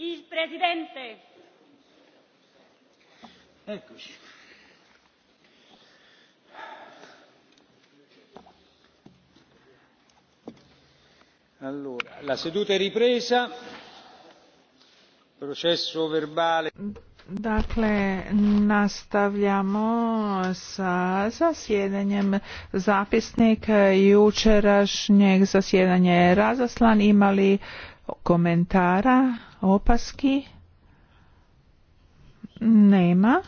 Il presidente. Eccoci. Allora, la seduta è ripresa. Processo verbale. Dakle, nastavljamo sa zasjedanjem zapisnik jučerašnjeg zasjedanja je razaslan. Imali komentara? opaski nema.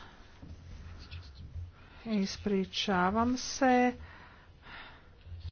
Ispričavam se.